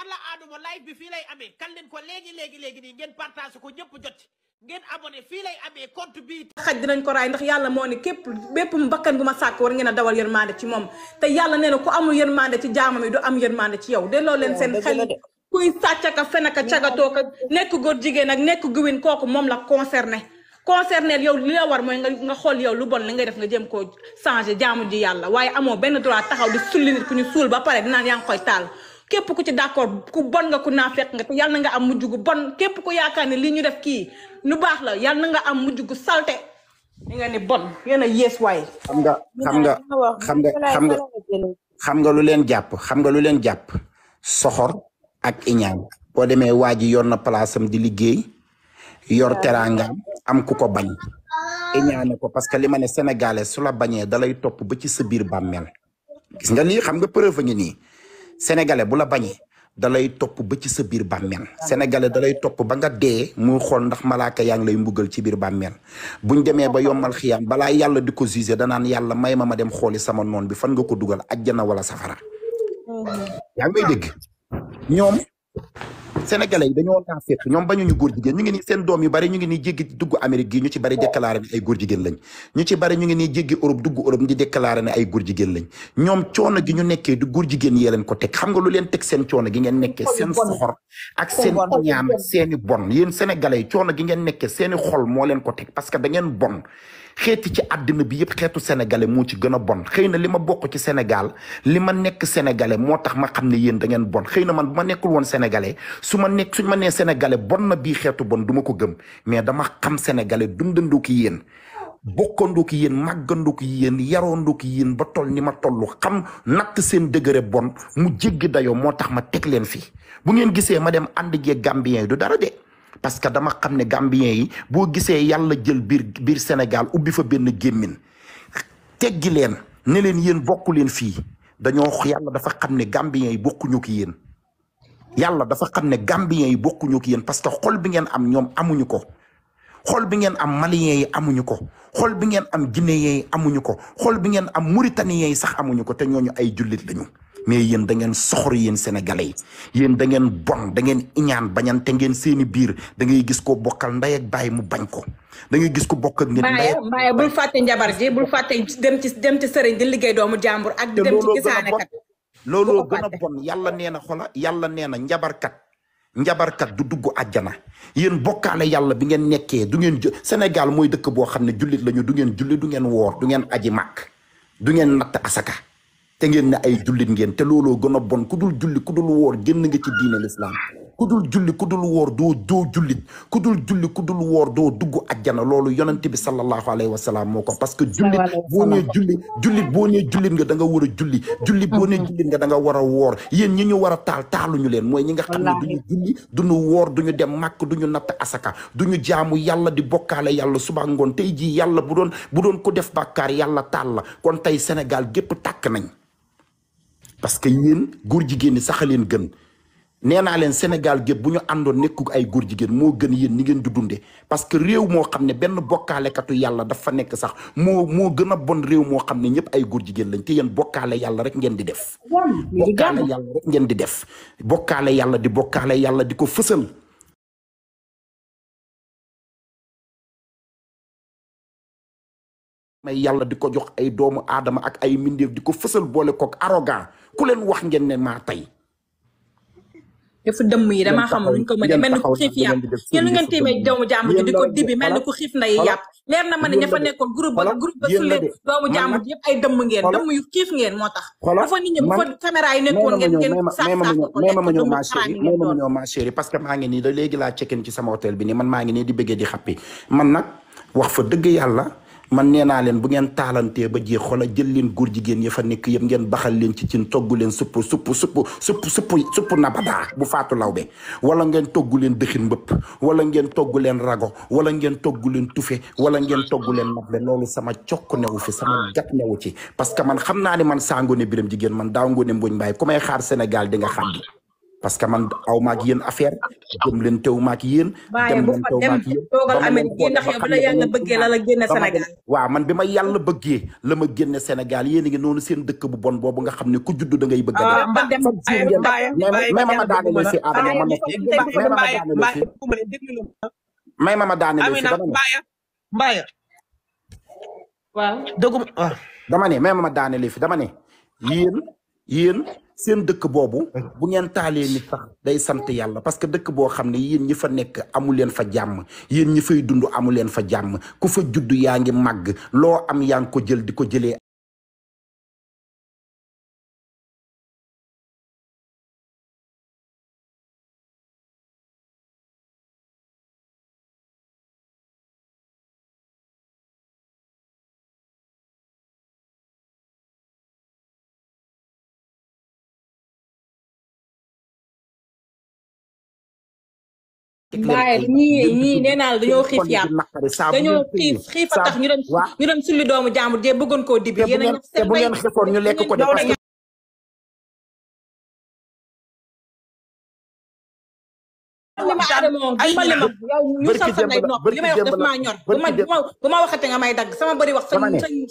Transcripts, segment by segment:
alla aaduma live bi fii lay amee kan leen ko léegi léegi léegi nii ngeen partage ko ñëpp jot ngeen abonné fii lay amee compte bi xaj dinañ ko raay ndax yàlla moo ne képp bépp bakkan bu ma sàkk war ngeen a dawal yërmande ci moom te yàlla nee na ku amul yërmande ci jaamam yi du am yërmande ci yow delloo leen seen xel kuy sàccaka a cagatoo ka nekk góor jigéen ak nekk guwin kooku moom la concerné concerné yow li la war mooy nga nga xool yow lu bon li ngay def nga jëm koo changé jaamu ji yàlla waaye amoo benn droit taxaw di sulli nit ku ñu ba pare dinaan yaa ngi koy taal képp ku ci d'accord ku bon nga ku naa fekk nga te yal nga am mujj gu bon képp ku yaakaar ne li ñu def kii lu baax la yal nga am mujj gu salte li nga ni xam nga xam nga xam nga xam nga xam nga lu leen jàpp xam nga lu leen jàpp soxor ak iñaan boo demee waa ji yor na place am di liggéey yor teraangaam am ku ko bañ iñaane ko parce que li ma ne su la bañee dalay topp ba ci sa biir bàmmeel gis nga lii xam nga preuve ngi nii sénégalais bu la bañee da lay topp ba ci sa biir bàmmeel sénégalais dalay lay topp ba nga dee muy xool ndax malaaka yaa ngi lay mbugal ci biir bàmmeel buñ demee ba yommal xiyaam balaa yàlla di ko jugé danaan yàlla may ma ma dem xooli sama noon bi fan nga ko dugal ajjana wala safara yaa may dégg ñoom sénégalais yi dañoo naa fépp ñoom bañuñu góor jigéen ñu ngi nii seen doom yu bari ñu ngi nii jéggi dugg Amérique gi ñu ci bari déclaré ne ay góor jigéen lañ ñu ñu ngi nii jéggi Europe dugg Europe di déclaré ne ay góor jigéen lañ ñoom coono gi ñu nekkee du jigéen yee leen ko teg xam nga lu leen teg seen coono gi ngeen nekkee seen soxor ak seen ñaan seeni bon yéen sénégalais yi coono gi ngeen nekkee seeni xol moo leen ko teg parce que da ngeen bon xeeti ci addina bi yëpp xeetu sénégalais moo ci gën a bon xëy na li ma bokk ci Sénégal li ma nekk sénégalais moo tax ma xam ne yéen da ngeen bon xëy na man ma nekkul woon sénégalais su ma nekk suñ ma bon na bii xeetu bon duma ko gëm mais dama xam sénégalais dundandoo ki yéen bokkandoo ki yéen màggandoo ki yéen yarandoo ki yéen ba toll ni ma toll xam natt seen dëgëre bon mu jéggi dayoo moo tax ma teg leen fii bu ngeen gisee ma dem ànd gee Gambien du dara de. parce que dama xam ne Gambien yi boo gisee yàlla jël biir biir Sénégal ubbi fa benn gémmin teggi leen ne leen yéen bokku leen fii dañoo yàlla dafa xam ne Gambien yi bokkuñu ki yéen yàlla dafa xam ne Gambien yi bokkuñu yéen parce que xol bi ngeen am ñoom amuñu ko xol bi ngeen am Maliens yi amuñu ko xol bi ngeen am Guinéens yi amuñu ko xol bi ngeen am Mauritaniens yi sax amuñu ko te ñooñu ay jullit lañu. mais yéen da ngeen soxor yéen senegale yi yéen da ngeen bon da ngeen iñaan bañante ngeen seeni biir da ngay gis ko bokkal ndey ak mu bañ ko da gis ko bokk ak. ngeen bul fàtte njabar ji bul fàtte dem ci dem di liggéey doomu jàmbur ak di dem ci gisaane kat looloo gën bon yàlla nee na xola yàlla nee na njabarkat njabarkat du dugg àjjana yéen bokkaale yàlla bi ngeen nekkee du ngeen jë Sénégal mooy dëkk boo xam ne jullit lañu du ngeen julli du ngeen woor du ngeen aji màkk du ngeen natt asaka te ngeen ne ay jullit ngeen te looloo gën bon ku dul julli ku dul woor génn nga ci diine lislaam ku dul julli ku dul woor doo doo jullit ku dul julli ku dul woor doo dugg ajjana loolu yonent bi sallallahu alayhi wa salaam moo ko parce que jullit boo nee julli jullit boo nga danga nga war julli julli boo nee jullit nga da a woor yéen ñi ñu war a taal taaluñu leen mooy ñi nga xam ne duñu julli duñu woor duñu dem màkk duñu natt asaka duñu jaamu yàlla di bokkaale yàlla suba ngoon tey jii yàlla bu doon bu doon ko def bàkkaar yàlla taal la kon tey Sénégal gépp tàkk nañ parce que yéen góor jigéeni ñi sax leen gën nee naa leen Sénégal gépp bu ñu àndoon nekku ay góor jigéen moo gën yéen ni ngeen di dunde parce que réew moo xam ne benn bokkaalekatu yàlla dafa nekk sax moo moo gën a bon réew moo xam ne ñëpp ay góor jigéen lañ te yéen bokkaale yàlla rek ngeen di def bokkaale yàlla ngeen di def bokkaale yàlla di bokkaale yàlla di ko fësal may yàlla di ko jox ay doomu aadama ak ay mbindeef di ko boole kook arrogant ku leen wax ngeen ne ma tey. dafa dëmm yi damaa xamul luñ ko mën a mel ni ku ngeen téemee ko groupe ba groupe ba su leen doomu jàmm ji ay dëmm ngeen dëmm yu xiif ngeen moo tax dafa nit ñi bu fa caméra yi nekkoon ngeen ngeen sax ma ma que maa ngi nii da laa check-in ci sama hôtel bi nii man maa ngi nii di bëggee di xappi man nag wax fa dëgg yàlla man nee naa leen bu ngeen taalantee ba jee xoola jël leen góor jigéen ya fa nekk yëpp ngeen baxal leen ci cin togg leen supp supp supp supp supp supp nabadaa bu faatu lawbe wala ngeen togg leen dëxin mbëpp wala ngeen togg leen rago wala ngeen togg leen tufe wala ngeen togg leen nable loolu sama cokk newu fi sama gat newu ci parce que man xam naa ne man saa ngoone biram jigéen man daaw ngoone mboñ mbaay ku may xaar Sénégal di nga xam parce que man aw maag yéen affaire jëm leen teew maag yéen. dem leen teew maag yéen toogal bëggee la la Sénégal. waaw man bi ma yàlla bëggee la ma génne Sénégal yéen a ngi noonu seen dëkk bu bon boobu nga xam ne ku judd da ngay bëgg a ah, dem. ba dem bàyyi bàyyi may ma ma daanele si dama may ma ma daanele fi dama ne yéen seen dëkk boobu bu ngeen taalee nit sax day sant yàlla parce que dëkk boo xam ne yéen ñi fa nekk amu leen fa jàmm yéen ñi fay dund amu leen fa jàmm ku fa juddu yaa ngi màgg loo am yaa ngi ko jël di ko jëlee mbaay ñii ñii nee naa la dañoo xiif yàpp dañoo xiif xiif a tax ñu doon ñu doon sulli doomu jàmbur jee bëggoon koo dibi yéen te bu ngeen xiifoon ñu lekk ko de parce que ay ma limam yow ñu sal sa nay nopp li may wax daf maa ñor bu ma waxate nga may dagg sama bëri wax sa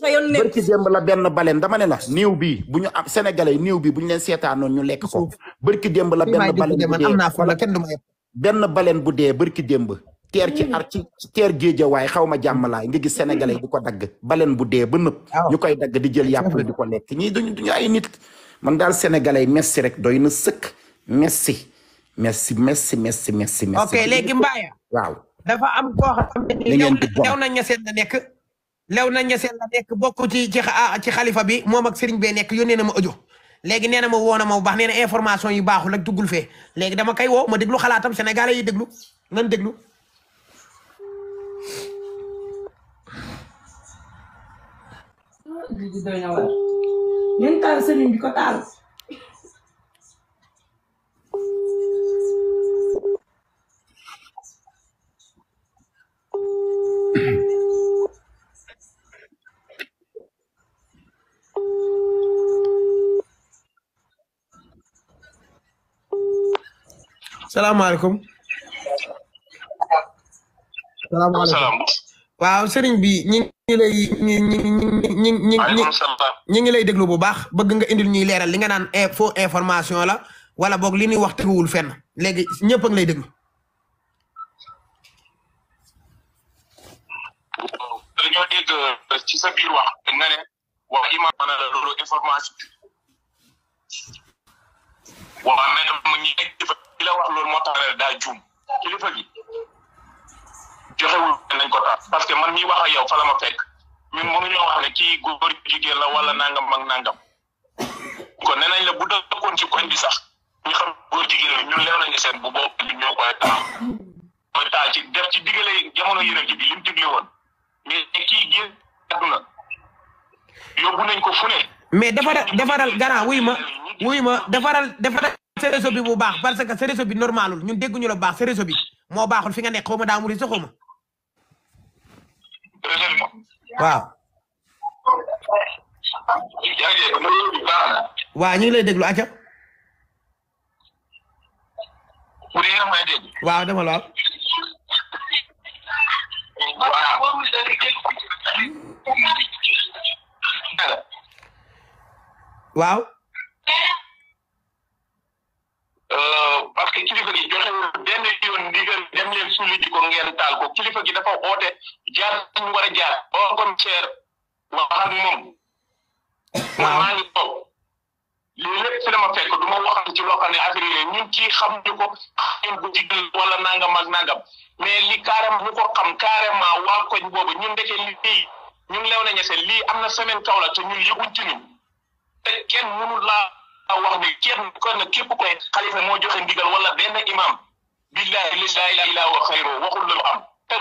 sa yoon nekk bërki démb la benn baleen dama ne la niiw bi bu ñu am sénégalais niiw bi bu ñu leen seetaanoon ñu lekk ko bërki démb la benn baleen man am naa fa la kenn du ma yëpp benn baleen bu dee barki démb teer ci mmh. ar ci teer géejawaay xaw ma jàmmalaay nga gis sénégalais di ko dagg baleen bu dee ba nëpp ñu koy dagg di jël yàpp la di ko lekk ñii duñu duñu ay nit man daal sénégalais messi rek doy na sëkk messi messi messi messi messi messi ok léegi mbaaya waaw dafa am koo xam ne lew na ñaseen la nekk lew na ñaseen la nekk bokk ci ci xalifa bi moom ak sëriñ bee nekk yónnee na ma audio léegi nee na ma woo na ma bu baax nee information yu baaxul ak duggul léegi dama koy wo ma déglu xalaatam sénégalais yi déglu nan déglu salaamaaleykum. salaamaaleykum. waaw sëriñ bi ñi ngi lay ñi ñi ñi ñi ñi ngi lay déglu bu baax bëgg nga indil ñuy leeral li nga naan faux information la wala boog li ñuy wax teguwul fenn léegi ñëpp lay déglu. dañoo dégg euh, ci sa wax nga ne la loolu information. waaw mais mu ñi kilifa gi la wax loolu moo tax daa juum kilifa gi joxewul nañ ko tax parce que man mi wax a yow fa la ma fekk ñun mënuñoo wax ne kii góor jigéen la wala nangam ak nangam kon nee nañ la bu dëkkoon ci koñ bi sax ñu xam góor jigéen la ñun leew nañu seen bu boobu ñun ñoo koy taal koy taal ci def ci diggale jamono yeneen ci bi li mu digle woon mais kii génn àdduna yóbbu nañ ko fu ne mais defaral defaral garant wuy ma wuy ma defaral defaral sa réseau bi bu baax parce que sa réseau bi normalul ñun dégguñu la bu baax sa moo baaxul fi nga nekk xaw ma daa mu réseau xaw waaw waaw ñu lay déglu aca waaw dama waaw waaw. Euh, parce que kilifa gi joxe benn yoon dem leen suuli ji ko ngeen taal ko kilifa gi dafa oote jaar suñu war a jaar oo commissaire ma wax ak moom. man maa ngi toog lii lépp fekk du ma ci loo xam ne affaire ñun ci xamuñu ko xamuñu ko digal wala nangam ak nangam mais li carrément bu ko xam carrément waa koñ boobu ñun ndeke lii ñu ngi lew na ñese lii am na semaine kaw la te ñun yëguñ ci te kenn mënul laa wax ni kenn kon nag képp koy xalifa moo joxe ndigal wala benn imam billahi la ilaha illa huwa xayru waxul lu am te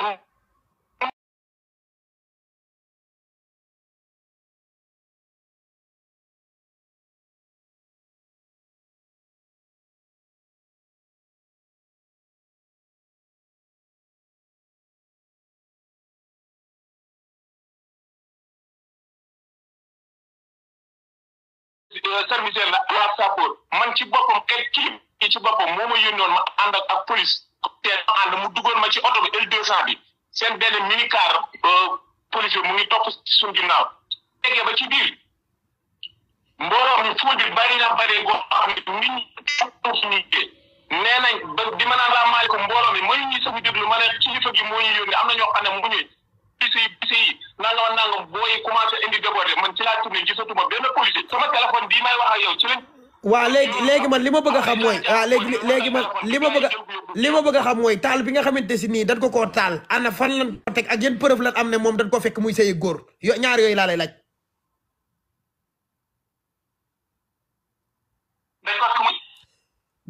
Euh, serviteur la alaab sappoor man ci boppam kenn kilib yi ci moo ma yónnoon ma ànd ak ak police te ma mu dugal ma ci oto bi L200 bi seen benn minicar euh, police bi mu ngi topp suñ ginnaaw tegee ba ci biir mbooloo mi fuul bi bari na bari goo xam ne nit ñi ñu nee nañ ba di ma naan laa maaliku mbooloo mi mënuñ ñu safu déglu ma ne kilifa gi moo ñu yónni am na ñoo xam ne mu ñu bisi bisi yi nangam nangam booy commencé indi débordé laa tourné gisatuma léegi man li ma bëgg a xam mooy waaw léegi léegi li ma bëgg li ma bëgg a xam mooy taal bi nga xamante si nii dañ ko koo taal ana fan lan teg ak yéen preuve lan am ne moom dañ ko fekk muy sëy góor yo ñaar yooyu laa laaj.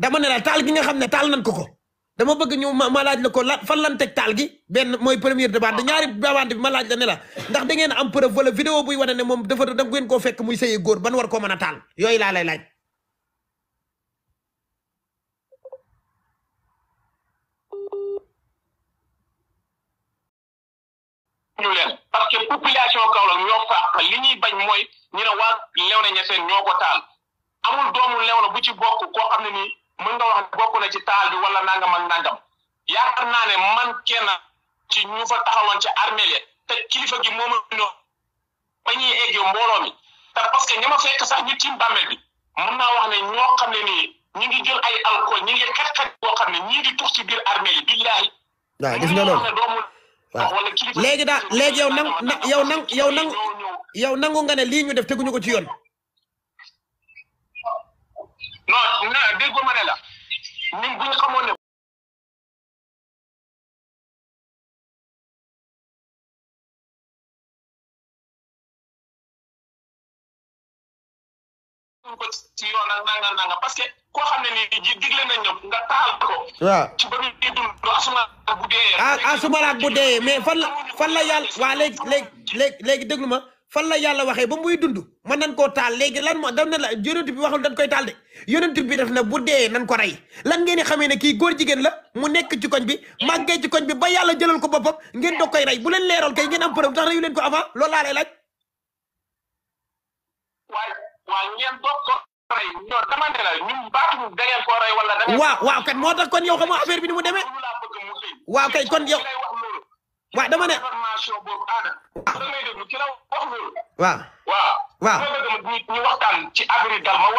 dama ne la taal gi nga xam ne taal nan ko ko. dama bëgg ñu ma ma laaj na ko la fan lan taal gi benn mooy première demande ah. ñaari demande bi ma laaj la ne la ndax da ngeen am preuve wala vidéo buy wane ne moom dafa da ngeen koo fekk muy sëye góor ban war koo mën a taal yooyu laa lay parce que population Kaolack ñoo fàq li ñuy bañ mooy ñu ne waa Léona Niassène ñoo ko taal amul doomu Léona bu ci bokk koo xam ne nii. mën nga wax bokk na ci taal bi wala nangam ak nangam yaakaar naa ne man kenn ci ñu fa taxawoon ci armée li te kilifa gi mooma no ba ñuy egg mbooloo mi te parce que ñi ma fekk sax ñu tiim bàmmeel bi mën naa wax ne ñoo xam ne nii ñi ngi jël ay alcool ñi ngi xet-xet boo xam ne ñii di tux ci biir armée li billaahi waaw gis nga loolu waaw léegi daal léegi yow nang yow nang yow nang yow nangu nga ne lii ñu def teguñu ko ci yoon déggoo ma ne la ñun ko koo xam ne nii digle na ñoom nga taal ko waaw ci ba muy dund asumalaak bu deeyee ah, asumalaak mais fan la fan la yàlla waa léegi fan la yàlla waxee ba muy dund mën nan koo taal léegi lan moo daf na la yonent bi waxul dañ koy taal de yonent bi def na bu dee nan ko rey lan ngeen di xamee ne kii góor jigéen la mu nekk ci koñ bi màggee ci koñ bi ba yàlla jëlal ko boppam ngeen doog koy rey bu leen leeral kay ngeen am preuve tax reyu leen ko avant loolu laa lay laaj. waaye ngeen doog ko rey non dama ne la ñun baatuñu da koo rey wala da moo tax kon yow xam nga affaire bi ni mu demee. waaw kay kon yow. waaw dama ne information boobu aada damay déglu ki la wax loolu waaw waaw wax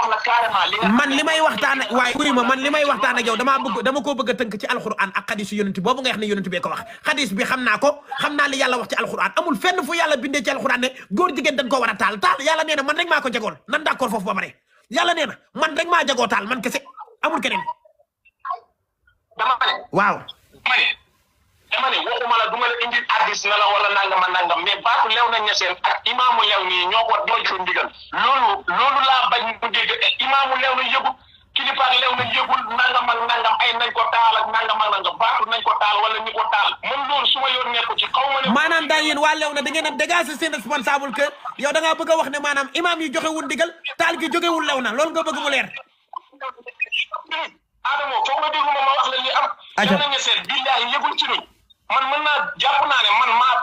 la carrément man li may waxtaan ak ma man li may waxtaan ak yow damaa bëgg dama koo bëgg a tënk ci alxuraan ak xadisu yonent boobu nga wax ne yonent bee ko wax xadis bi xam naa ko xam naa li yàlla wax ci alxuraan amul fenn fu yàlla bindee ci alxuraan ne góor jigéen dañ ko war a taal taal yàlla nee na man rek maa jagoon nan d'accord foofu ba pare yàlla nee man rek maa jagoo taal man kese amul keneen dama waaw dama ne a la du ma la indil addis na la wala nangam a nangam mais baatu lew na ñeseen ak imaamu lew nii ñoo ko ñoo joxe ndigal loolu loolu laa bañ mu dégg imaamu lew na yëgul kilifa ak lew na yëgul nangam ak nangam ay nañ ko taal ak nangam ak taal wala ñu ko taal moom loolu su ma yoon nekku ci xaw ma ne maanaam daal yéen waa lew na da ngeen a dégager seen a wax ne maanaam imaam yi joxewul ndigal taal gi jógewul lew na loolu nga bëgg mu leer Adamo ma ma wax la li am lew na ñeseen billaahi yëgul man mën naa jàpp naa ne man maa.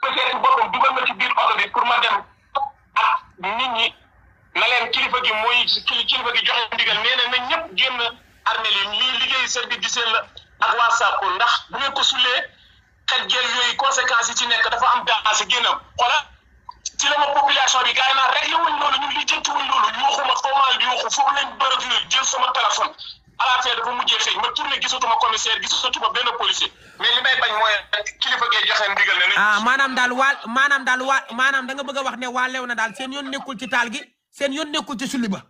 parce que boppam dugal na ci biir oto bi pour ma dem ak nit ñi. na leen kilifa gi mooy kilifa gi joxe ndigal nee na nañ ñëpp génn armée li ñuy liggéey service d'hygiène la ak waa SAPCO ndax bu ngeen ko sulee xaj jël yooyu conséquences yi ci nekk dafa am daa si génn xoola ci la ma population jël sama téléphone à la fin dafa mujjee feeñ ma tourné kilifa gee joxe ndigal ne nañ ah maanaam daal waa maanaam daal waa a wax ne waa lew na daal seen yoon nekkul ci gi seen yoon nekkul ci sulli ba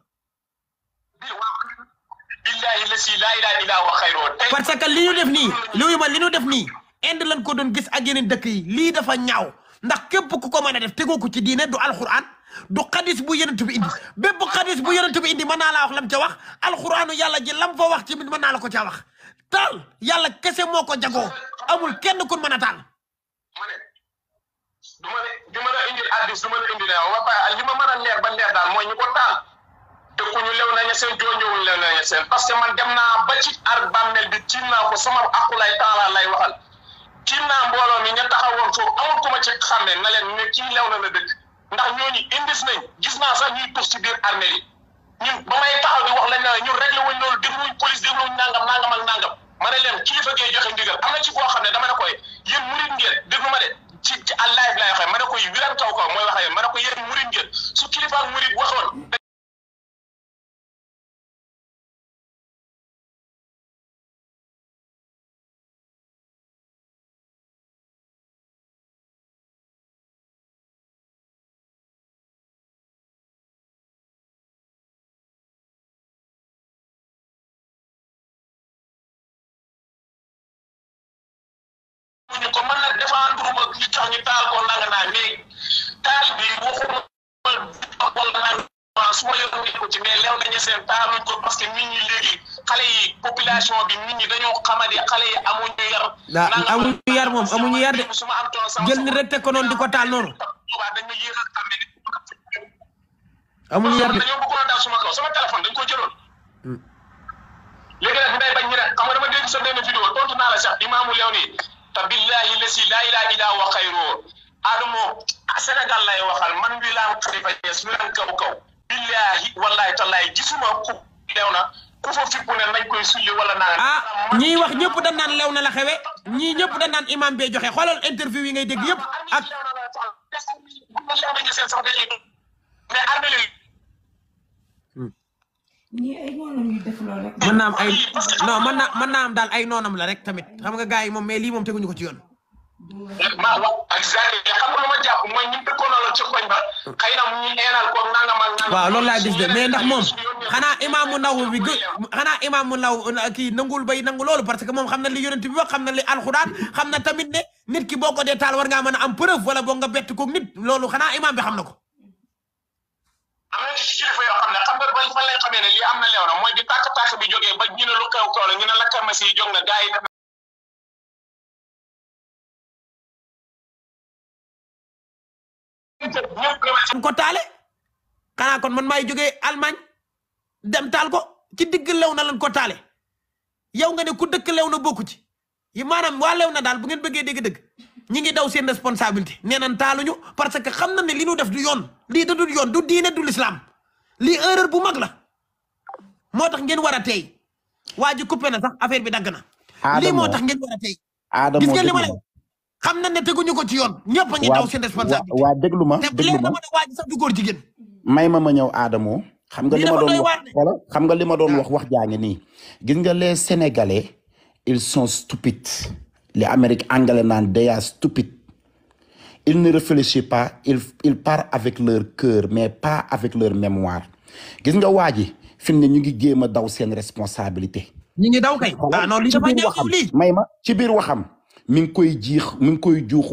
parce que li ñu def nii liuyu ma li ñu def nii inde lan ko doon gis ak yeneen dëkk yi lii dafa ñaaw ndax képp ku ko mën a def tegoo ko ci diine du alquran du xadis bu yonent bi indi ah. bépp xadis bu yonent bi indi mën naa laa wax lam ca wax alquranu yàlla ji lam fa wax ci mën naa la ko ca wax taal yàlla kese moo ko jagoo amul kenn kun mën a taal du ma la du ma la indil addis du ma la indil ba pare li ma mën a leer ba leer daal mooy ñu ko taal te ku ñu lew nañu seen joojoowuñ lew nañu seen parce que man dem naa ba ci ar bàmmeel bi tiim naa ko sama akulay taalaa lay waxal tiim naa mbooloo mi ña taxawoon foofu amul ku ma ci ne na leen ne kii lew na la dëkk ndax ñooñu indis nañ gis naa sax ñuy tux ci biir armée yi ñun ba taxaw di wax lañ ne ñun réglé wuñ loolu dégluwuñ police dégluwuñ nangam nangam ak nangam ma ne leen kilifa gee joxe ndigal am na ci koo xam ne dama ne koy yéen murit ngeen déglu ma de ci ci àllaay bi laay ma ne ko a taw ko mooy waxee ma ne ko yéen murid ngeen su kilifa murid waxoon ñu taal ko nanga naa mais taal bi waxuma wala naan su ma yoon ko ci mais lew nañu seen taaluñ ko parce que nit ñi léegi xale yi population bi nit ñi dañoo xamadi xale yi amuñu yar. naan amuñu yar moom amuñu yar de jël ni rek teg ko noonu di ko taal noonu. amuñu yar de dañoo bëggoon a daal suma kaw sama téléphone dañ ko jëloon. Hmm. léegi nag ñu day bañ ñu ne xam nga dama dégg sa benn vidéo tontu naa la sax imaamu lew nii te billahi la si laa ilaa ilaa wa xayroo Adamo Sénégal lay waxal man wi laan Xalifa Ñas wi laan kaw kaw billahi wallahi tallahi gisuma ku lew na ku fa fippu ne nañ koy sulli wala naa a ñii wax ñëpp dañ naan lew na la xewe ñii ñëpp dañ naan imam bee joxe xoolal interview yi ngay dégg ñii ay noonam ñu def mën naa mën naa mën daal ay noonam la rek tamit xam nga gars yi moom mais lii moom teguñu ko ci yoon. waaw waaw ak xam nga lu ma jàpp mooy ñu dëkkoon la ci koñ ba xëy na ñu eenal ko nangam ak nangam. waaw loolu laa gis de mais ndax moom xanaa imaamu ndaw bi nangul bay nangu loolu parce que moom xam na li yonent bi wax xam na li alxuraan xam na tamit ne nit ki boo ko dee taal war ngaa mën a am preuve wala boo nga bett ko nit loolu xanaa imaam bi xam na ko am na mooy bi tàkk kaw kaw la ñu ne la kamasi yi taale xanaa kon man maay jógee Allemagne dem ko ci digg lew na lan ko taale yow nga ne ku dëkk lew na bokku ci yi maanaam waa lew na daal bu ngeen bëggee dégg-dëgg ñi ngi daw seen responsabilité nee nañ taaluñu parce que xam na ne li ñu def du yoon lii da dul yoon du diine du lislaam lii erreur bu mag la moo tax ngeen war a tey waa ji coupé na sax affaire bi dagg na. lii moo tax ngeen war a tey. Adamo gis ngeen li ma xam na ne teguñu ko ci yoon. ñëpp a ngi daw seen responsabilité. waa déglu ma déglu ma te sax du góor jigéen. may ma ma ñëw Adamo. xam nga li ma doon wax wala xam nga li ma doon ah. wax wax jaa ngi nii. gis nga les sénégalais ils sont stupides. les Amériques anglais naan they are stupid ils ne réfléchissent pas ils ils partent avec leur cœur mais pas avec leur mémoire gis nga waa ji fi ne ñu ngi jéem a daw seen responsabilité. ñu ngi daw kay. ah non li dafa ñëw lii may ma ci biir waxam mi ngi koy jiix mi ngi koy juux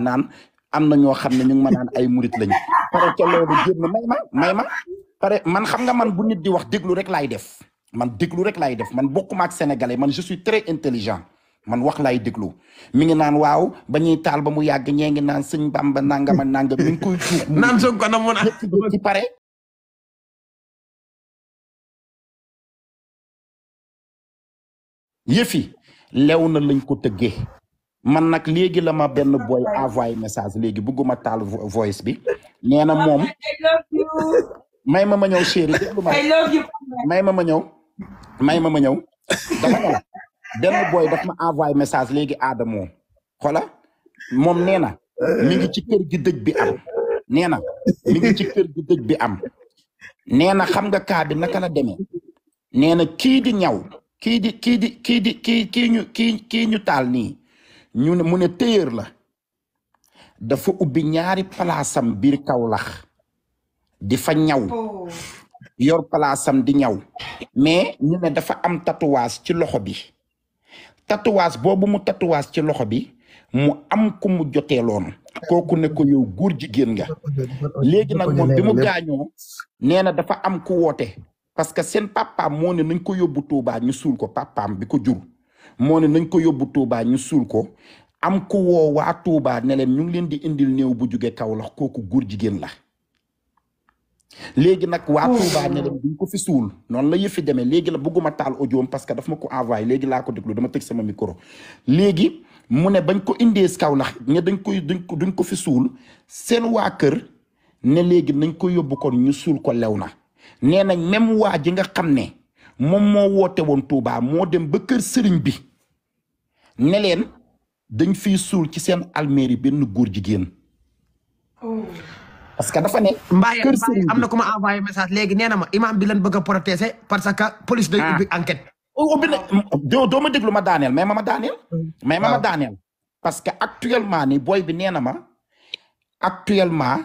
naan am na ñoo xam ne ñu ngi ma naan ay murit lañu. pare ca loolu jéem may ma may ma pare man xam nga man bu nit di wax déglu rek laay def man déglu rek laay def man bokkuma ak sénégalais man je suis très intelligent. man wax laay déglu mi ngi naan waaw ba ñuy taal ba mu yàgg ñee ngi naan sëñ Bamba nangama nangam mi ngi koy tuub naan Sonko na mun a ci pare yëfi lew na lañ ko tëggee man nag léegi la ma benn booy envoyé message léegi bugguma taal voice bi nee na moom may ma ma ñëw ma may ma ma ñëw may ma ma ñëw dama ne benn booy daf ma envoyé message léegi Adamo xola moom nee na mi ngi ci gi bi nee na mi ci kër gi dëj bi am nee na xam nga kaa bi naka la demee nee na kii di ñaw kii di kii di kii di kii kii ñu kii kii ñu taal nii ñu ne mu ne téyër la dafa ubbi ñaari palaasam biir kawlax di fa ñaw oh. yor palaasam di ñaw mais ñu ne dafa am tatouage ci loxo bi tatouage boobu mu tatouage ci loxo bi mu am ku mu jotee loon kooku ne ko yow góor jigéen nga léegi nag moom bi mu gaañoo nee na dafa am ku woote parce que seen papaam moo ne nañ ko yóbbu tuubaa ñu suul ko papaam bi ko jur moo nañ ko yóbbu Touba ñu suul ko am ku woo waa Touba ne leen ñu ngi leen di indil néew bu jóge Kaolack kooku góor jigéen la léegi nag waa hmm. Touba ne leen ko fi suul noonu la yëfi demee léegi la bëgguma taal audioom parce que daf ma ko envoyé léegi laa ko déglu dama tëj sama micro léegi mu ne bañ ko indee kaw ndax ne dañ koy duñ ko duñ ko fi suul seen waa kër ne léegi nañ ko yóbbu kon ñu suul ko lew na nee nañ même waa ji nga xam ne moom moo woote woon Touba moo dem ba kër sëriñ bi ne leen dañ fi suul ci seen alméeri benn góor jigéen parce que dafa ne. Mbaye Mbaye am na ku ma envoyé message léegi nee na ma imam bi lañ bëgg a parce que police day ah. ubbi enquête. ubbi na doo doo ma déglu ma daaneel mais ma ma daaneel. Mm. mais ma daaneel. parce que actuellement nii booy bi nee na ma actuellement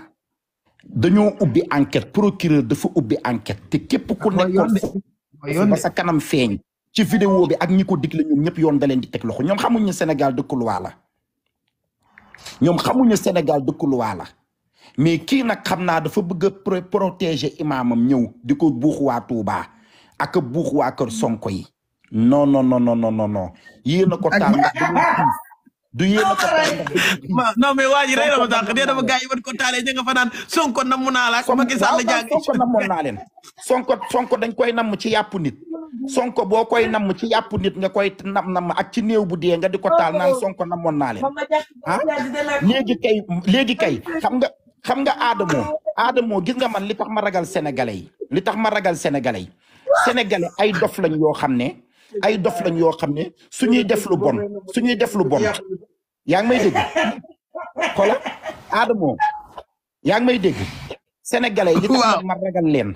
dañoo ubbi enquête procureur dafa ubbi enquête te képp ku nekkoon ba sa kanam feeñ. ci vidéo bi ak ñi ko digle ñoom ñëpp yoon da leen di teg loxo ñoom xamuñu Sénégal dëkk loi la ñoom xamuñu Sénégal dëkk loi la. mais kii nag xam naa dafa bëgg a protéger imaamam ñëw di ko buux waa Touba ak buux waa kër Sonko yi no non non non non ko taal du yéen a ko waa ji rey na ma dàq nee na fa naan Sonko nam naa la ak Macky Sonko nammoon naa leen Sonko Sonko dañ koy namm ci yàpp nit Sonko boo koy namm ci yàpp nit nga koy nam nam ak ci néew bu dee nga di ko taal naan Sonko nammoon naa leen ah léegi kay kay xam nga xam nga Adamo Adamo gis nga man li ma ragal sénégalais yi li tax ma ragal sénégalais yi ay dof lañ yoo xam ne ay dof lañ yoo xam ne suñuy def lu bon suñuy deflu lu bon yaa ngi may dégg xola Adamo yaa ngi may dégg sénégalais yi ma ragal leen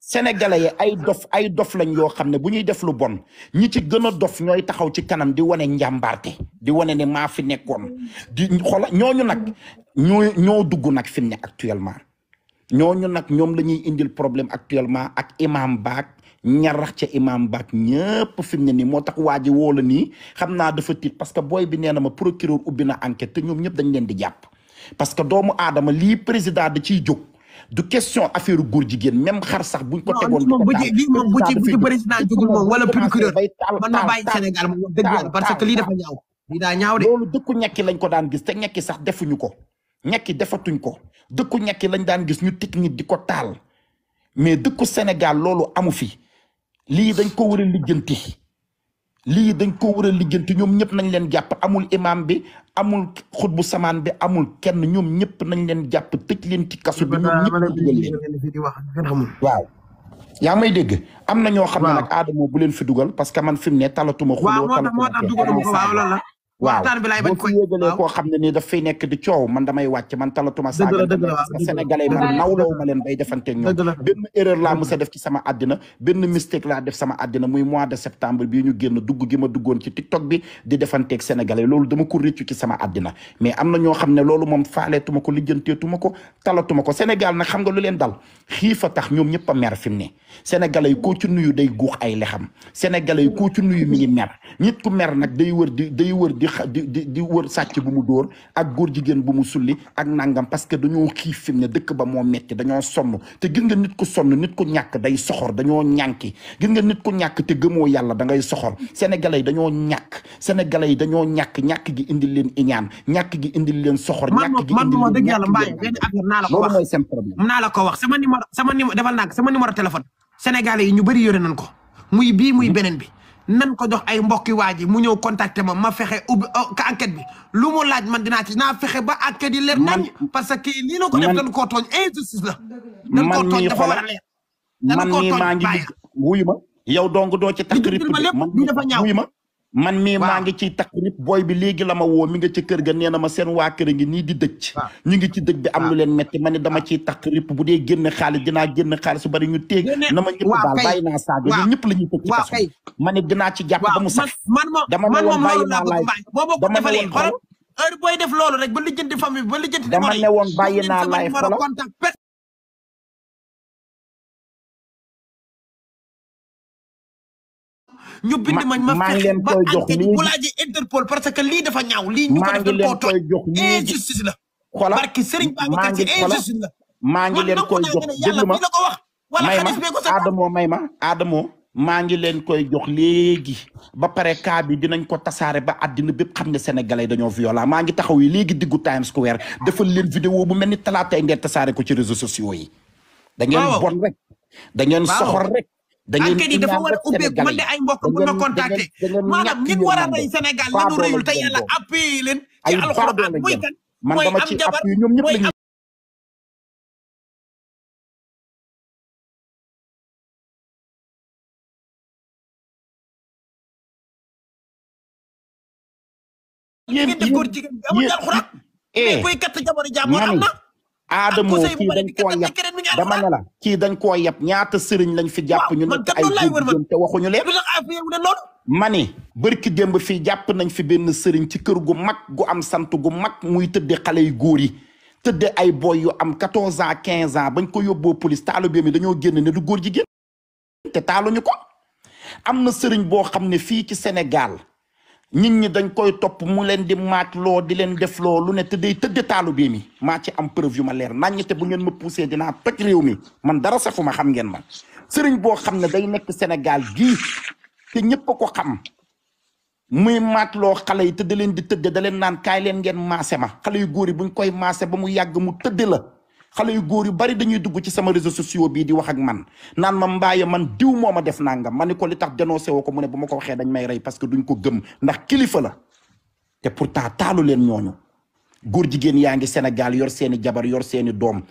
sénégalais yi ay dof ay dof lañ yoo xam ne bu ñuy def lu bon ñi ci gën a dof ñooy taxaw ci kanam di wane njàmbaarte di wane ne maa fi nekkoon di xoola ñooñu nag ñoo ñoo dugg nag fi mu ne actuellement ñooñu nag ñoom la ñuy indil problème actuellement ak imam baak ñarax ca imam baak ñëpp fi mu ne nii moo tax waa ji woo nii xam naa dafa tiit parce que booy bi nee na ma procureur ubbi na enquête te ñoom ñëpp dañ leen di jàpp parce que doomu aadama lii président da ciy jóg du question affaire góor jigéen même xar sax bu buñ ko tegoon. non bu ci moom bu ci bu ci président jugul moom wala procureur mën na bàyyi Sénégal moom dëgg yàlla parce que lii dafa ñaaw lii daa ñaaw de. dëkku ñekki lañ ko daan gis te ñekki sax defuñu ko ñekki defatuñ ko dëkku ñekki lañ daan gis ñu teg nit di ko taal mais dëkku Sénégal loolu amu fi lii dañ ko war a lijjanti. lii dañ ko war a liggéeyante ñoom ñëpp nañ leen jàpp amul imam bi amul xutbu samaan bi amul kenn ñoom ñëpp nañ leen jàpp tëj leen ci kasu bi ñoom ñëpp dugal leen waaw yaa may dégg am na ñoo xam ne nag aadama bu leen fi dugal parce que man fi mu ne talatuma xuloo talatuma waaw boo fi yéegalee koo xam ne nii daf fiy di coow man damay wàcc man talatuma saaga sénégalais man nawlawu ma leen bay defanteeg ñoom benn erreur laa mos a def ci sama àddina benn mistake laa def sama àddina muy mois de septembre bii ñu génn dugg gi ma duggoon ci tiktok bi di defanteeg sénégalais loolu dama ko réccu ci sama àddina mais am na ñoo xam ne loolu moom faaleetuma ko lijjanteetuma ko talatuma ko sénégal nag xam nga lu leen dal xiifa tax ñoom ñëpp a mer fi mu ne sénégalais yi koo ci nuyu day guux ay lexam sénégalais yi koo ci nuyu mi ngi mer nit ku di di di wër sàcc bu mu dóor ak góor jigéen bu mu sulli ak nangam parce que dañoo xiif fi mu ne dëkk ba moo metti dañoo sonn te gis nga nit ku sonn nit ku ñàkk day soxor dañoo ñànki gis nga nit ko ñàkk te gëmoo yàlla da ngay soxor sénégalais yi dañoo ñàkk sénégalais yi dañoo ñàkk ñàkk gi indil leen iñaan ñàkk gi indil leen soxor ñàkk gi indil leen dëgg yàlla mbaay benn affaire naa la ko wax loolu mooy seen problème naa la ko wax sama numéro sama numéro defal naa sama numéro téléphone sénégalais yi ñu bëri yore nañ ko muy bii muy mhm. beneen bi nan ko dox ay mbokki waa ji mu ñëw contacter ma ma fexe ubbi oh, ka enquête bi lu mu laaj man dinaa na fexe ba enquête yi leer nañ parce que lii la ko def dañ koo tooñ injustice na dañ koo tooñ dafa war a leer man mii maa ngi wuyu ma yow donc doo ci takk république man wuyu ma man mii maa ngi ciy takrib booy bi léegi la ma woo mi nga ci kër ga nee na ma seen waa kër ngi nii di dëj ñu ngi ci dëj bi am lu leen metti ma ne dama ciy takrib bu dee génn xaalis dinaa génn xaalis su bari ñu téeg na ma ñëpp baal bàyyi naa saaga ñun ñëpp la ñuy tëj ci kaso ma ne dinaa ci jàpp ba mu sax dama ne woon bàyyi naa laay dama ne woon heure booy def loolu rek ba lijjanti ba lijjanti ñu bind mañ ma fexe ba enquête bu laajee Interpol parce que lii dafa ñaaw lii ñu ko def dañ la xoolal barki Serigne Ba nga ci maa ngi leen koy jox déglu ma may ma Adamo may ma Adamo maa ngi leen koy jox léegi ba pare cas bi dinañ ko tasaare ba addina bépp xam ne sénégalais dañoo violent maa ngi taxaw yi léegi diggu Times weer deful leen vidéo bu mel ni talaataay ngeen tasaare ko ci réseau sociaux yi da ngeen bon rek da soxor rek da ngeen enquête yi dafa war a ubbeeku ay mbokk bu ma contacté maanaam ñi war a rey Sénégal leen ñu rëyul te yàlla appuyé ci alxuraan mooy kan mooy am jabar mooy am na Adamo kii dañ koo yab dama ne la kii dañ koo yab ñaata sëriñ lañ fi jàpp ñu nekk ay jigéen te waxuñu leen ma ne bërki démb fii jàpp nañ fi benn sëriñ ci kër gu mag gu am sant gu mag muy tëdde xale yu góor yi tëdde ay boy am 14 ans quinze ans bañ ko yóbboo police taalibe mi dañoo génn ne du góor jigéen te taaluñu ko am na sëriñ boo xam ne fii ci Sénégal nit ñi dañ koy topp mu leen di maat loo di leen def loo lu ne te day taalu bii mi maa ci am preuve ma leer naññ te bu ngeen ma poussé dinaa toj réew mi man dara safu ma xam ngeen man sëriñ boo xam ne day nekk senegal gi te ñëpp a ko xam muy loo xale yi tëdd leen di tëdd da leen naan kaay leen ngeen maase ma xale yu góor yi buñ koy maase ba mu yàgg mu tëdd la. xale yu góor yu bari dañuy dugg ci sama réseaux sociaux bii di ak man naan ma mbaaya man diw moo ma def nangam ma ne ko li tax dénoncé woo ko mu ne bu ma ko waxee dañ may rey parce que duñ ko gëm ndax kilifa la te pourtant taalu leen ñooñu góor jigéen yaa ngi Sénégal yor seeni jabar yor seeni doom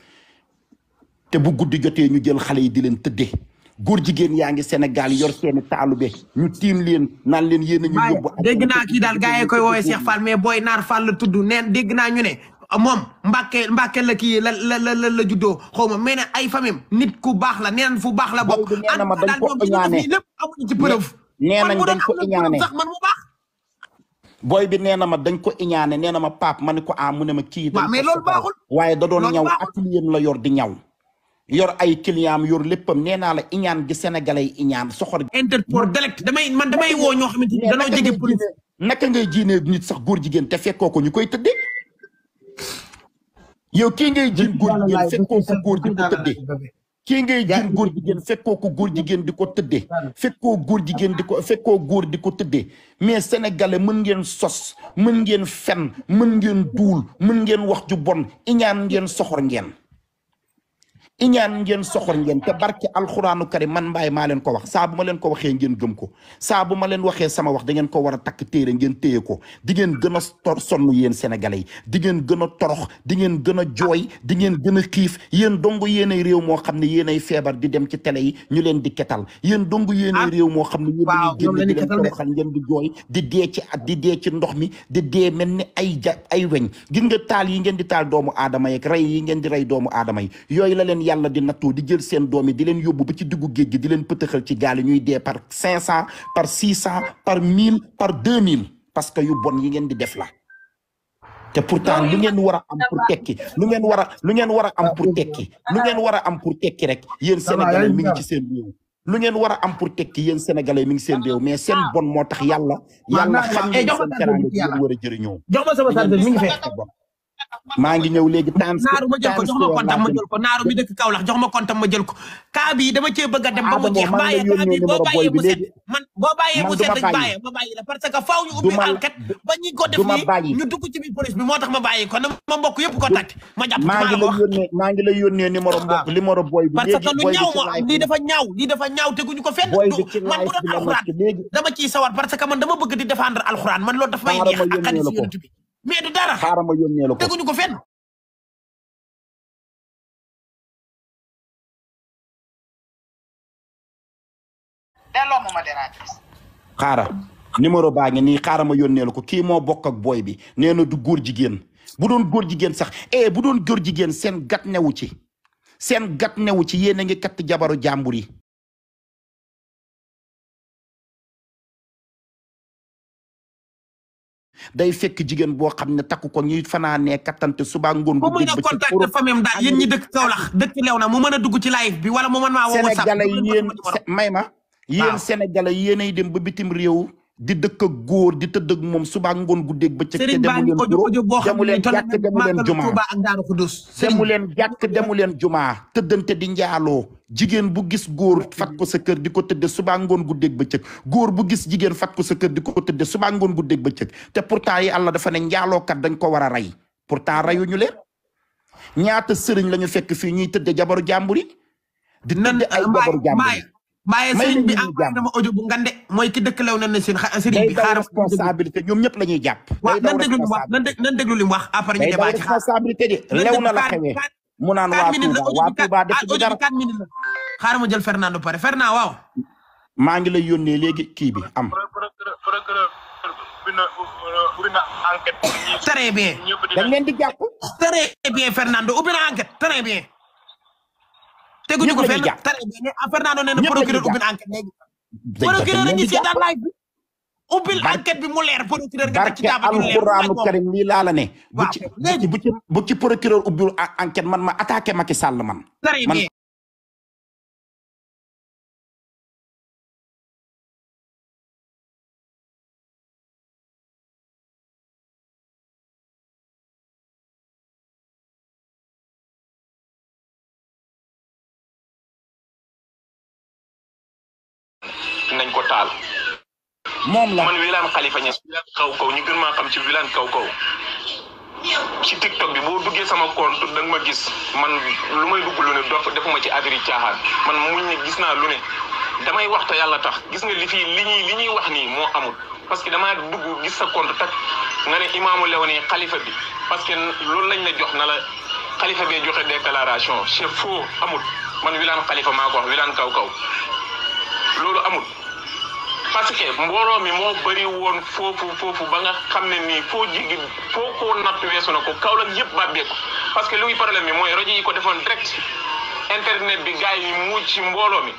te bu guddi jotee ñu jël xale yi di leen tëdde góor jigéen yaa ngi senegal yor seeni taalube ñu tiim leen naan leen yéen a ñu yóbbu. dégg naa kii daal gars yi koy woowee Cheikh Fall mais booy naar Fall la tudd neen dégg naa ñu ne moom Mbàkke mbake la kii la la la la juddoo xaw ma mais ne ay famille nit ku baax la neen fu baax la bokk. daal moom li ñu def lépp amuñu ci preuve. nee nañ dañ ko iñaane sax man mu baax. booy bi nee na ma dañ ko iñaane nee na ma paap ma ne ko ah mu ne ma kii. waaw mais loolu baaxul waaye da doon ñaw atelier la yor di ñaw. yor ay client yor léppam nee naa la iñaan gi sénégalais yi iñaan soxor. interport direct damay man damay woo ñoo xamante ni danoo jege police. naka ngay jiinee nit sax góor jigéen te fekkoo ko ñu koy tëddee. yow kii ngay jiin góor jigéen fekkoo ko góor di ko tëddee kii ngay jiin góor jigéen fekkoo ko góor jigéen di ko tëddee fekkoo góor jigéen di ko fekkoo góor di ko tëddee mais sénégalais mën ngeen sos mën ngeen fen mën ngeen duul mën ngeen wax ju bon iñaan ngeen soxor ngeen iñaan ngeen soxor geen te barke alxuraanu karim man mbaay maa leen ko wax saa bu ma leen ko waxee ngeen gëm ko saa bu ma leen waxee sama wax da ko war a takk téere geen téye ko di ngeen gën a tor sonn yéen sénégalais di ngeen gën a torox di ngeen gën a jooy di ngeen gën a xiif yéen dong yéenay réew moo xam ne yéenay feebar di dem ci télé yi ñu leen di ketal yéen dong yéenay ah, réew moo xam ne yéen génn di leen toroxal ngeen di jooy di dee ci at di ci ndox mi di dee mel ni ay ja ay weñ gis nga taal yi ngeen di doomu aadama yi rey ngeen di rey aadama yi yàlla di nattoo di jël seen doom yi di leen yóbbu ba ci diggu géej gi di leen pëtëxal ci gaal ñuy dee par cinq cent par six cent par mille par deux mille parce que yu bon yi ngeen di def la te pourtant lu ngeen war a am pour tekki lu ngeen war a lu ngeen war a am pour tekki lu ngeen war a am pour tekki rek yéen sénégalais mi ngi ci seen réew lu ngeen war a am pour tekki yéen sénégalais mi ngi seen réew mais seen bon moo tax yàlla yàlla xam ngeen eh, seen teraanga ngeen war a jëriñoo maa ngi ñëw léegi. naaru ma jël ko jox ma kontam ma jël ko naaru mi kontam ma jël ko. kaa bi dama cee bëgg a dem ba mu ah, jeex bàyyee kaa bi boo bàyyee mu set man boo bàyyee mu moo tax ma bàyyi ko na ma mbokk yëpp contact maa ngi lay yónnee maa ngi lay yónnee numéro ah. mbokk numéro boy ko fenn du man bu doon alxuraan dama ciy sawar parce que man dama bëgg di défendre alxuraan man loolu dafa may neex ak xadis yonent bi mais du dara xaaral ma yónnee la ko teguñu ko fenn. delloo ma modératrice. xaaral nii xaaral ma yónnee ko kii moo bokk ak booy bi nee na du góor jigéen bu doon góor jigéen sax eh bu doon góor jigéen seen gat newu ci seen gat newu ci yéen a ngi katt jabaru jàmbur yi. day fekk jigéen boo xam ne takk ko ñuy fanaanee kattante suba ngoon. bu mën a contacter famille daal yéen ñi dëkk Kaolack dëkk Léona mu mën a dugg ci live bi wala mu mën maa woo. Sénégalais yéen may ma yéen Sénégalais yéenay dem ba bitim réew. di dëkk ak góor di tëdd ak moom suba ngoon guddeeg bëccëg te demu leen juróom demu leen jàkk demu leen jumaa demu leen jàkk demu leen jumaa tëddante di njaaloo jigéen bu gis góor fat ko sa kër di ko tëdde suba ngoon guddeeg bëccëg góor bu gis jigéen fat ko sa kër di ko tëdde suba ngoon guddeeg bëccëg te pourtant yi Yàlla dafa ne njaalookat dañ ko war a rey pourtant reyu ñu leen ñaata sëriñ lañu ñu fekk fii ñuy tëdde jabaru jàmbur di tëdde ay euh, jabaru jàmbur baaye sëriñ bi envoyé dama audio bu ngande mooy ki dëkk lew na ne seen sëriñ bi xaaral responsabilité ñoom ñëpp la ñuy jàpp waaw nan déglu li mu wax nan déglu li mu wax après la xewee mu naan waa Touba waa Touba def ci ah, dara quatre minutes la xaaral ma jël Fernando pare Fernand waaw maa ngi lay yónnee léegi kii bi am très bien dañ leen di jàpp très bien Fernando ubbi na enquête très bien teguñu ko fenn tare ne ah, Fernando nee na procureur ubbil enquête léegi procureur a ñu seetaan bi ubbil mu leer procureur nga teg ci taabal bi leer alxuraanu karim lii laa la ne bu ci bu ci procureur ubbil enquête man ma attaqué ki Sall man taal. moom la man Wilane Khalifa Niass Wilane kaw kaw ñu gën maa xam ci Wilane kaw kaw. ci TikTok bi boo duggee sama compte da ma gis man lu may dugg lu ne dof defuma ci affaire yi caaxaan man muñ gis naa lu ne damay wax te yàlla tax gis nga li fii li ñuy li ñuy wax nii moo amul. parce que damaa dugg gis sa compte tak nga ne imaamu lew nii xalifa bi parce que loolu lañ la jox na la xalifa bee joxe déclaration chef foo amul man Wilane Khalifa maa ko wax Wilane kaw kaw loolu amul. parce que mbooloo mi moo bari woon foofu foofu ba nga xam ne nii foo jigi foo ko natt weesu na ko Kaolack yëpp ba beeku parce que luy problème mi mooy rajo yi ko defoon direct internet bi gars yi mu ci mbooloo mi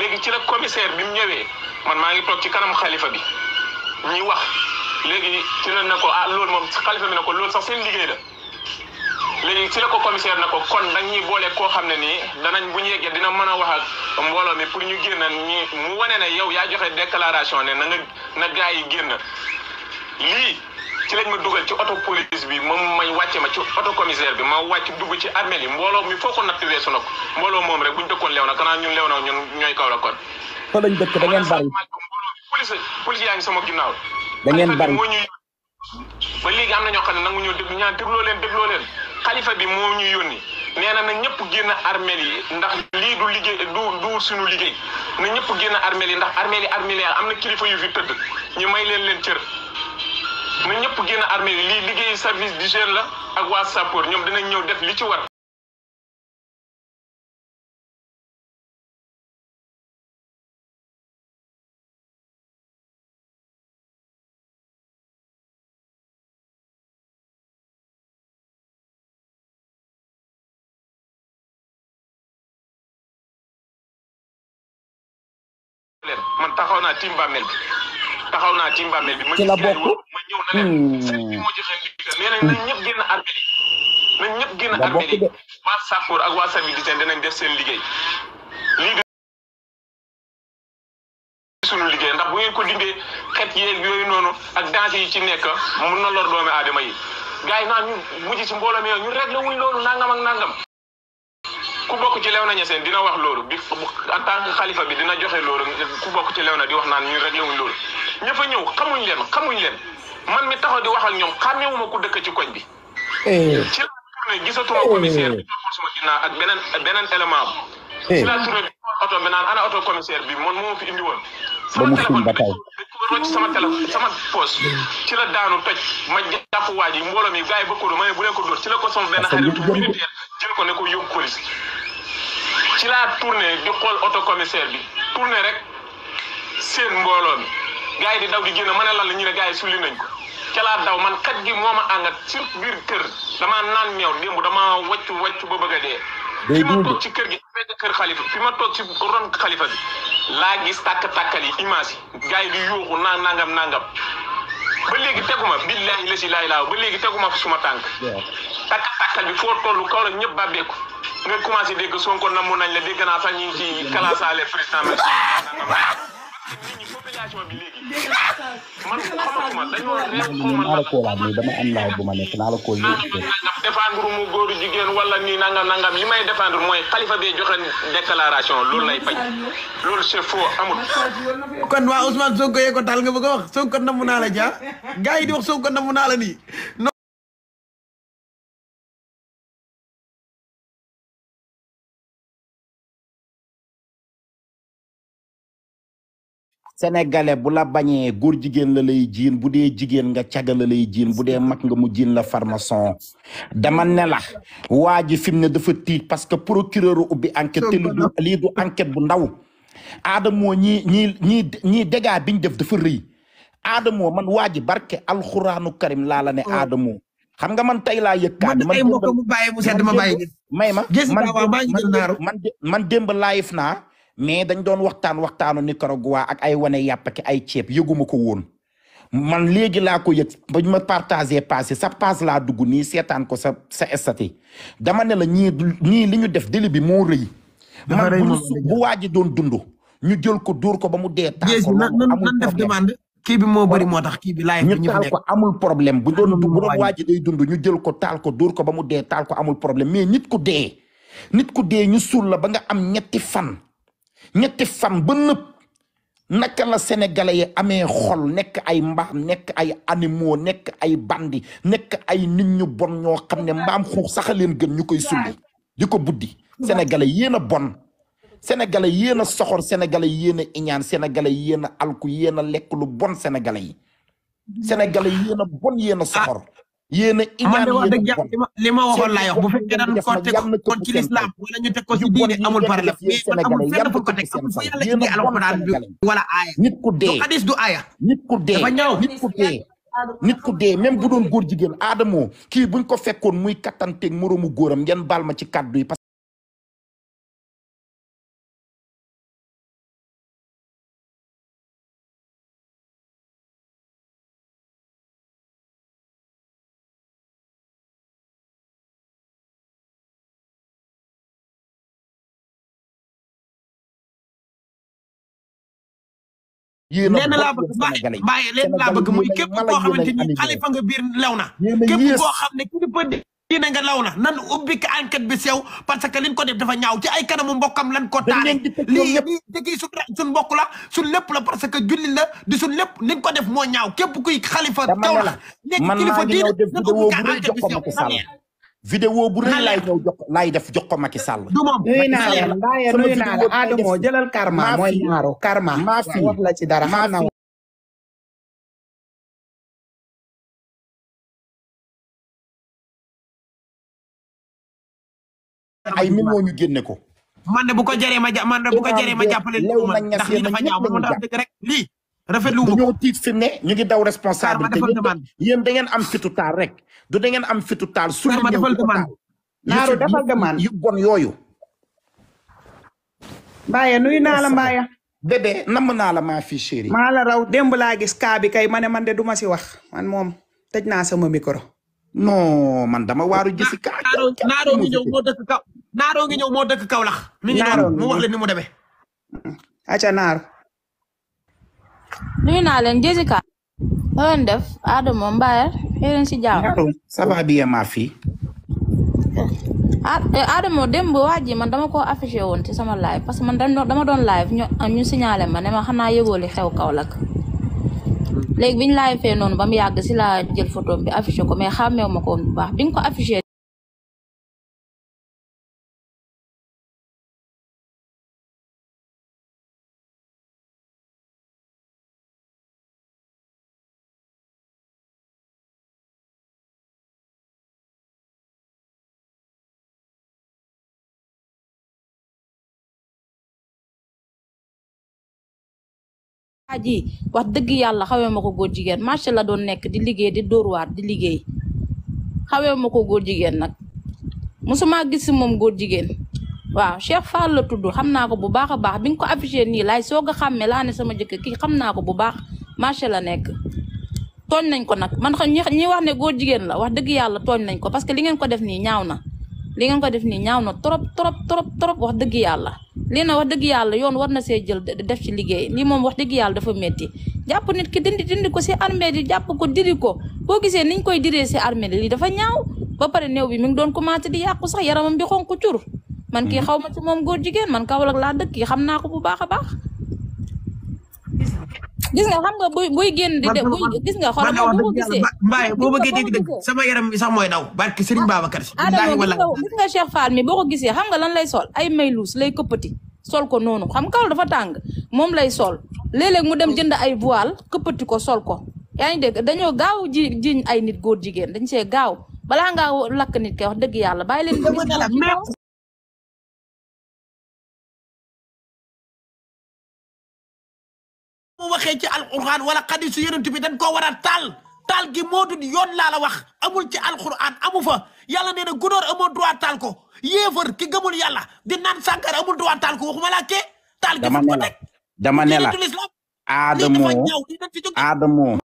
léegi ci la commissaire bi mu ñëwee man maa ngi toog ci kanam xalifa bi ñuy wax léegi ci la ne ko ah loolu moom xalifa bi ne ko loolu sax seen liggéey la. léegi ci la ko commissaire na ko kon da ñuy boole koo xam ne nii danañ bu ñu yeggee dina mën a wax ak mbooloo mi pour ñu génn mu wane ne yow yaa joxe déclaration ne na nga na gaa yi génn lii ci lañ ma dugal ci auto police bi moom may wàcce ma ci auto commissaire bi ma wàcc dugg ci yi mbooloo mi foo ko weesu na ko mbooloo rek bu ñu dëkkoon na kanaa ñun leew na ñooy kaw la kon. fa lañ dëkk da ngeen bari. sama ginnaaw. da ngeen bari ba léegi am na ñoo xam ne nangu ñoo déglu ñaan dégloo leen dégloo xalifa bi moo ñu yónni nee na na ñëpp génn armeel yi ndax lii du liggéey du du suñu liggéey na ñëpp génn armeel yi ndax armeel yi armeel am na kilifa yu fi tëdd ñu may leen leen cër na ñëpp génn armeel yi lii liggéey service d'hygiène la ak waa sapeur ñoom dinañ ñëw def li ci war man taxaw naa tiim bàmmeel bi taxaw naa tiim bi. ci la bokk ma ñëw na hmm. bi moo joxe ndigal nee nañ nañ ñëpp génn armée yi nañ ñëpp génn armée waa Sappour ak waa Safi Dieng def seen liggéey. lii di sunu liggéey ndax bu ngeen ko dindee xet yeeg yooyu noonu ak danger yi ci nekk mun na lor doomi aadama yi gars naa ñu mujj si mbooloo mi ñu réglé wuñ loolu nangam ak nangam. ku bokk ci na Niassène dina wax loolu bi en tant que xalifa bi dina joxe loolu ku bokk ci Léona di wax naan ñun réglé wuñ loolu ña fa ñëw xamuñ leen xamuñ leen man mi taxaw di waxal ak ñoom xàmmewuma ku dëkk ci koñ bi. Eh. ci la tournée gisatuma commissaire eh. bi force ak beneen beneen élément am. Eh. oto bi naan ana oto commissaire bi man moo fi indi woon. ba mu suul ba taay rocc sama téléphone sama poche ci la daanu toj ma jàpp waa ji mbooloo mi gars yi bëgg ko ma ne bu leen ko dóor ci la ko sama benn xarit militaire jël ko ne ko yóbbu police ci laa tourné di xool auto commissaire bi tourné rek seen mbooloo mi gaa yi di daw di génn mën a lan la ñu ne gaa yi sulli nañ ko ca laa daw man kat gi moo ma àngat ci biir kër damaa naan meew démb damaa wàccu wàccu ba bëgg a dee. fi ma toog ci kër gi fekk kër xalifa fi ma toog ci ron xalifa bi laa gis tàkk-tàkkal yi image yi gars yi di yuuxu naan nangam nangam ba léegi teguma billahi la si laay laaw ba léegi teguma fi suma tànk. tàkk-tàkkal bi foo tollu kaw ñëpp bàbbeeku nga commencé dégg Sonko namm nañ la dégg naa sax ñu ngi ci kalaasaale président Macky Sall population la koolaat nii dama am laaj bu ma nekk la kool léegi défendre mu góoru jigéen mooy xalifa bee joxe déclaration loolu lay bañ loolu kon waa Ousmane Sonko yee ko taal nga bëgg a wax Sonko namm naa la jaa gars di wax Sonko namm naa la nii sénégalais bu la bañee góor jigéen la lay jiin bu dee jigéen nga caga la lay jiin bu dee mag nga mu jiin la farmason dama ne la waa ji fi mu ne dafa tiit parce que procureur ubbi enquête te li du lii du enquête bu ndaw aadamoo ñii ñii ñii ñii dégâts biñ def dafa rëy aadamoo man waa ji barke alxuraanu karim laa la ne aadamoo oh. xam nga man tey laa yëg kaan man man démb laayif naa mais dañ doon waxtaan waxtaanu Nicaragua ak ay wane yàpp ki ay ceeb yëguma ko woon man léegi laa ko yëg ba ñu ma partagé passé sa passe laa dugg nii seetaan ko sa sa estati dama ne la ñii li ñu def déli bi moo rëy man bu waa ji doon dund ñu jël ko dóor ko ba mu dee taal ko demande kii bi moo bëri moo tax kii bi laay ñu taal ko amul problème bu doon bu doon waa ji day dund ñu jël ko taal ko dóor ba mu dee taal amul problème mais nit ku dee nit ku dee ñu suul la ba nga am ñetti fan ñetti fan ba nëpp naka la sénégalais yi amee xol nekk ay mba nekk ay animaux nekk ay bandi nekk ay nit ñu bon ñoo xam ne mbaam xuux sax a leen gën ñu koy sulli di ko buddi sénégalais yéen a bon sénégalais yéen a soxor sénégalais yéen a iñaan sénégalais yéen alku yéen a lekk lu bon sénégalais yi sénégalais yéen a bon yéen soxor yéen a iñaan li ma waxoon laa yox bu fekkee daan ko teg kon ci lislaam wala ñu teg ko ci diine amul problème mais man amul fenn fu ko teg amul fu yàlla indi alxuraan bi wala aaya nit ku dee du hadis du aaya nit ku dee dafa dee nit dee même bu doon góor jigéen aadamoo kii buñ ko fekkoon muy kattanteeg moroomu góoram ngeen baal ma ci kàddu yi yéen a bokk Sénégalais yi lenn laa bëgg muy képp koo xamante ni na. képp xam ne kilifa diine nga lew na nan ubbi ka enquête bi sew parce que liñ ko def dafa ñaaw ci ay kanamu mbokkam lan ko taale. lii lii dëgg yi la suñ lépp la parce que julli la di suñ lépp liñ ko def moo ñaaw képp kuy xalifa. dama la man maa ngi ñëw def vidéo bu rëy jox ko vidéo bu rëy laay def jox ko Macky Sall. du moom nuyu naa leen Mbaye nuyu naa la Adamo jëlal karma karma maa fi wax la ci dara xam na ay millions ñu génne ko. man de bu ko jëree ma ja man de bu ko ma jàppale. léegi nag ñaas yéen a ñëpp dafa ñaaw man dafa rek lii. rafetlu wu ñoo tiit fi ne ñu ngi daw responsabilité yéen da ngeen am fitu taal rek du da ngeen am fitu taal su ma defal demande naaru defal demande yu bon yooyu mbaaya nuyu naa la mbaaya bébé namm naa la maa fi chéri maa la raw démb laa gis kaa bi kay ma ne man de duma si wax man moom tëj naa sama micro non man dama waaru gisi kaa naaroo ngi ñëw moo dëkk kaw naaroo ngi ñëw moo dëkk kaw lax mi ngi noonu mu wax la ni mu demee aca naaro nuyu naa leen Jessica. na leen def Adama Mbaye yéen si jàmm. ça va bien ma ah, eh, Adama démb waa ji man dama ko affiché woon ci sama laay parce que man dama doon live ñu ah, ñu ma ne ma xanaa yëgoo li xew Kaolack léegi bi ñu live fee noonu ba mu yàgg si laa jël photo bi affiché ko mais xàmmeewu ma ko bu baax bi nga ko affiché. aji wax dëgg yàlla xawee ma ko góor jigéen marché la doon nekk di liggéey di dóorwaat di liggéey xawee ma ko góor jigéen nag mosuma gis si moom góor jigéen waaw Cheikh Fall la tudd xam naa ko bu baax a baax bi nga ko affiché nii laay soog a xàmme laa ne sama jëkk kii xam naa ko bu baax marché la nekk tooñ nañ ko nag man xam ñi wax ne góor jigéen la wax dëgg yàlla tooñ nañ ko parce que li ngeen ko def nii ñaaw na li ngeen ko def nii ñaaw na trop trop trop trop wax dëgg yàlla lii na wax dëgg yàlla yoon war na see jël def ci liggéey lii moom wax dëgg yàlla dafa métti jàpp nit ki dindi dindi ko si armée yi jàpp ko diri ko boo gisee niñ koy diree si armée li dafa ñaaw ba pare new bi mi ngi doon commencé di yàqu sax yaramam bi xonk cur man kii mhm. xaw ma si moom góor jigéen man ka Kaolack laa dëkk yi xam naa ko bu baax a baax gis nga xam nga buy buy génn di de buy gis nga xoolal moom bu ko gisee. mbaay boo bëggee dégg dëgg bi sax mooy daw. barke Serigne ah, Babacar Si. Adama gis nga Cheikh Fall mi boo ko gisee xam nga lan lay sol ay mayluus lay këppati sol ko noonu xam kaw dafa tàng moom lay sol léeg mu dem jënd ay voile këppati ko sol ko. yaa ngi dégg dañoo gaaw ji jiñ ay nit góor jigéen dañ see gaaw balaa ngaa lakk nit kay wax dëgg yàlla bàyyi leen. ko waxee ci alquran wala xadis su yonent bi dañ koo war a taal taal gi moo dul yoon laa la wax amul ci alquran amu fa yàlla nee na gunóor amoo droit taal ko yéefar ki gëmul yàlla di naan sànkara amul droit taal ko waxuma laa kee taal gi fu ko teg dama ne la dama ne la aadamoo aadamoo